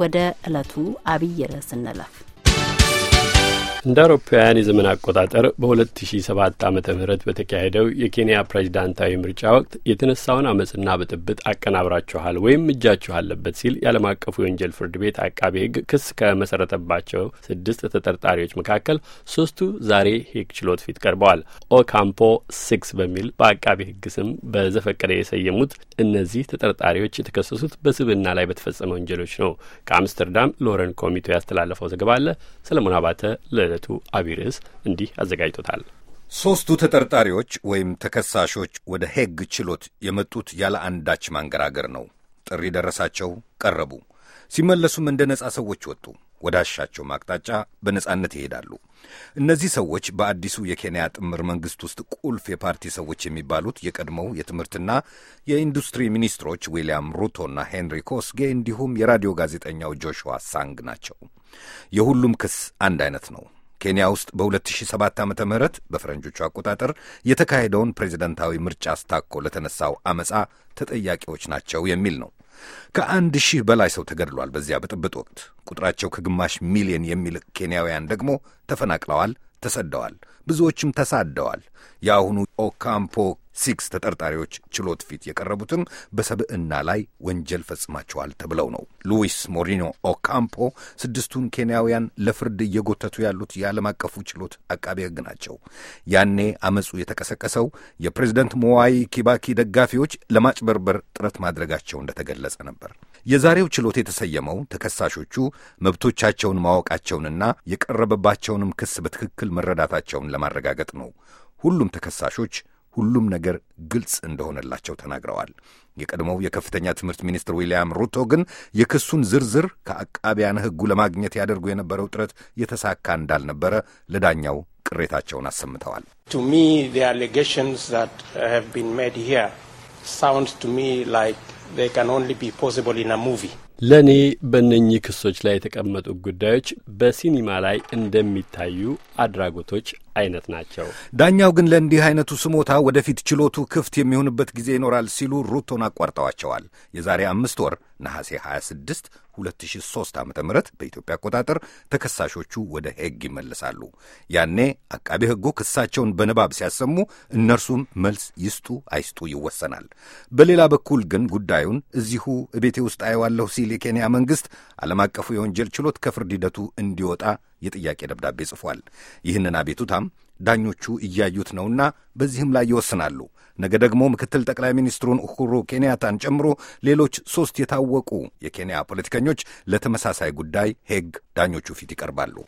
ወደ ዕለቱ አብይ ርዕስ እንለፍ። እንደ አውሮፓውያን የዘመን አቆጣጠር በ2007 ዓ ም በተካሄደው የኬንያ ፕሬዚዳንታዊ ምርጫ ወቅት የተነሳውን አመፅና ብጥብጥ አቀናብራችኋል ወይም እጃችሁ አለበት ሲል የዓለም አቀፉ የወንጀል ፍርድ ቤት አቃቤ ሕግ ክስ ከመሰረተባቸው ስድስት ተጠርጣሪዎች መካከል ሶስቱ ዛሬ ሄግ ችሎት ፊት ቀርበዋል። ኦካምፖ ሲክስ በሚል በአቃቤ ሕግ ስም በዘፈቀደ የሰየሙት እነዚህ ተጠርጣሪዎች የተከሰሱት በስብና ላይ በተፈጸመ ወንጀሎች ነው። ከአምስተርዳም ሎረን ኮሚቴው ያስተላለፈው ዘገባ አለ። ሰለሞን አባተ ለ የዕለቱ አቢይ ርዕስ እንዲህ አዘጋጅቶታል። ሦስቱ ተጠርጣሪዎች ወይም ተከሳሾች ወደ ሄግ ችሎት የመጡት ያለ አንዳች ማንገራገር ነው። ጥሪ ደረሳቸው፣ ቀረቡ። ሲመለሱም እንደ ነጻ ሰዎች ወጡ። ወዳሻቸው ማቅጣጫ በነጻነት ይሄዳሉ። እነዚህ ሰዎች በአዲሱ የኬንያ ጥምር መንግሥት ውስጥ ቁልፍ የፓርቲ ሰዎች የሚባሉት የቀድሞው የትምህርትና የኢንዱስትሪ ሚኒስትሮች ዊልያም ሩቶና ሄንሪ ኮስጌ እንዲሁም የራዲዮ ጋዜጠኛው ጆሹዋ ሳንግ ናቸው። የሁሉም ክስ አንድ አይነት ነው። ኬንያ ውስጥ በ2007 ዓ ም በፈረንጆቹ አቆጣጠር የተካሄደውን ፕሬዚደንታዊ ምርጫ አስታኮ ለተነሳው አመፃ ተጠያቂዎች ናቸው የሚል ነው። ከአንድ ሺህ በላይ ሰው ተገድሏል በዚያ ብጥብጥ ወቅት። ቁጥራቸው ከግማሽ ሚሊየን የሚልቅ ኬንያውያን ደግሞ ተፈናቅለዋል፣ ተሰደዋል፣ ብዙዎችም ተሳደዋል። የአሁኑ ኦካምፖ ሲክስ ተጠርጣሪዎች ችሎት ፊት የቀረቡትም በሰብዕና ላይ ወንጀል ፈጽማቸዋል ተብለው ነው። ሉዊስ ሞሪኖ ኦካምፖ ስድስቱን ኬንያውያን ለፍርድ እየጎተቱ ያሉት የዓለም አቀፉ ችሎት አቃቤ ሕግ ናቸው። ያኔ አመፁ የተቀሰቀሰው የፕሬዝደንት ሞዋይ ኪባኪ ደጋፊዎች ለማጭበርበር ጥረት ማድረጋቸው እንደተገለጸ ነበር። የዛሬው ችሎት የተሰየመው ተከሳሾቹ መብቶቻቸውን ማወቃቸውንና የቀረበባቸውንም ክስ በትክክል መረዳታቸውን ለማረጋገጥ ነው። ሁሉም ተከሳሾች ሁሉም ነገር ግልጽ እንደሆነላቸው ተናግረዋል። የቀድሞው የከፍተኛ ትምህርት ሚኒስትር ዊልያም ሩቶ ግን የክሱን ዝርዝር ከአቃቢያን ሕጉ ለማግኘት ያደርጉ የነበረው ጥረት የተሳካ እንዳልነበረ ለዳኛው ቅሬታቸውን አሰምተዋል። ለእኔ በእነኚህ ክሶች ላይ የተቀመጡ ጉዳዮች በሲኒማ ላይ እንደሚታዩ አድራጎቶች አይነት ናቸው። ዳኛው ግን ለእንዲህ አይነቱ ስሞታ ወደፊት ችሎቱ ክፍት የሚሆንበት ጊዜ ይኖራል ሲሉ ሩቶን አቋርጠዋቸዋል። የዛሬ አምስት ወር ነሐሴ 26 2003 ዓ ም በኢትዮጵያ አቆጣጠር ተከሳሾቹ ወደ ሄግ ይመለሳሉ። ያኔ አቃቤ ሕጉ ክሳቸውን በንባብ ሲያሰሙ እነርሱም መልስ ይስጡ አይስጡ ይወሰናል። በሌላ በኩል ግን ጉዳዩን እዚሁ እቤቴ ውስጥ አየዋለሁ ሲል የኬንያ መንግሥት ዓለም አቀፉ የወንጀል ችሎት ከፍርድ ሂደቱ እንዲወጣ የጥያቄ ደብዳቤ ጽፏል። ይህንን አቤቱታም ዳኞቹ እያዩት ነውና በዚህም ላይ ይወስናሉ። ነገ ደግሞ ምክትል ጠቅላይ ሚኒስትሩን ኡሁሩ ኬንያታን ጨምሮ ሌሎች ሦስት የታወቁ የኬንያ ፖለቲከኞች ለተመሳሳይ ጉዳይ ሄግ ዳኞቹ ፊት ይቀርባሉ።